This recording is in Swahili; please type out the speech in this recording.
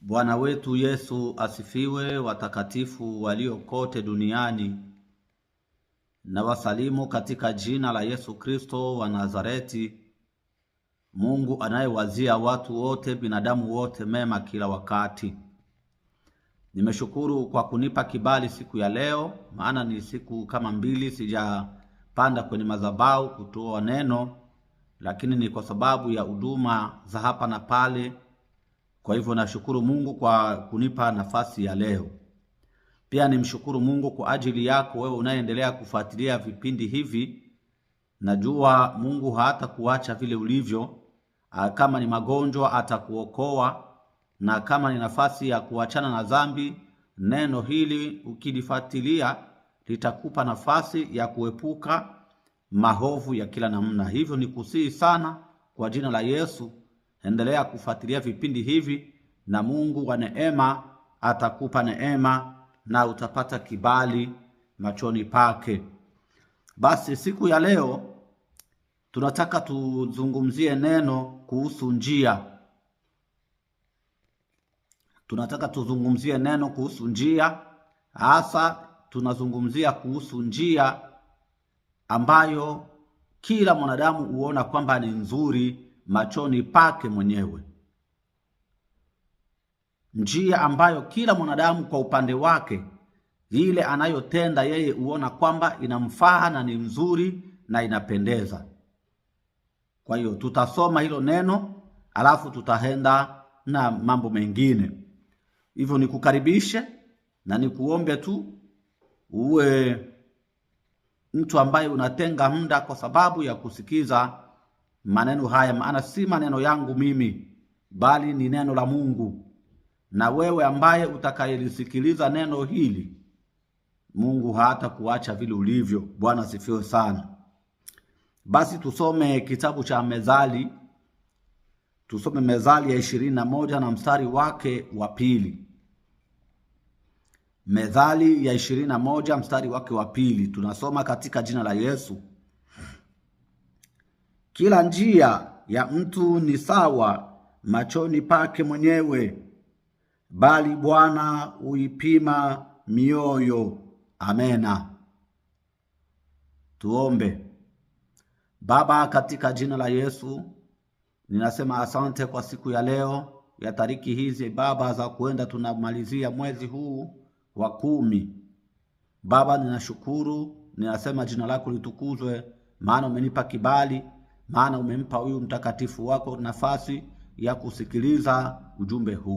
Bwana wetu Yesu asifiwe. Watakatifu walio kote duniani, na wasalimu katika jina la Yesu Kristo wa Nazareti, Mungu anayewazia watu wote, binadamu wote mema kila wakati. Nimeshukuru kwa kunipa kibali siku ya leo, maana ni siku kama mbili sijapanda kwenye madhabahu kutoa neno, lakini ni kwa sababu ya huduma za hapa na pale kwa hivyo nashukuru Mungu kwa kunipa nafasi ya leo. Pia nimshukuru Mungu kwa ajili yako wewe unayeendelea kufuatilia vipindi hivi. Najua Mungu kuacha vile ulivyo. Ah, kama ni magonjwa atakuokoa, na kama ni nafasi ya kuachana na dhambi, neno hili ukilifuatilia litakupa nafasi ya kuepuka mahovu ya kila namna. Hivyo nikusihi sana kwa jina la Yesu endelea kufuatilia vipindi hivi, na Mungu wa neema atakupa neema na utapata kibali machoni pake. Basi siku ya leo tunataka tuzungumzie neno kuhusu njia. Tunataka tuzungumzie neno kuhusu njia, hasa tunazungumzia kuhusu njia ambayo kila mwanadamu huona kwamba ni nzuri machoni pake mwenyewe, njia ambayo kila mwanadamu kwa upande wake ile anayotenda yeye huona kwamba inamfaa na ni nzuri na inapendeza. Kwa hiyo tutasoma hilo neno alafu tutaenda na mambo mengine. Hivyo nikukaribishe na nikuombe tu uwe mtu ambaye unatenga muda kwa sababu ya kusikiza maneno haya, maana si maneno yangu mimi, bali ni neno la Mungu. Na wewe ambaye utakayelisikiliza neno hili, Mungu kuacha vile ulivyo. Bwana sifiwe sana. Basi tusome kitabu cha Mezali, tusome Mezali ya ishirini na moja na mstari wake wa pili. mezali ya ishirini na moja mstari wake wa pili tunasoma katika jina la Yesu. Kila njia ya mtu ni sawa machoni pake mwenyewe, bali Bwana huipima mioyo. Amena. Tuombe. Baba, katika jina la Yesu ninasema asante kwa siku ya leo ya tariki hizi Baba za kuenda, tunamalizia mwezi huu wa kumi. Baba, ninashukuru, ninasema jina lako litukuzwe, maana umenipa kibali maana umempa huyu mtakatifu wako nafasi ya kusikiliza ujumbe huu.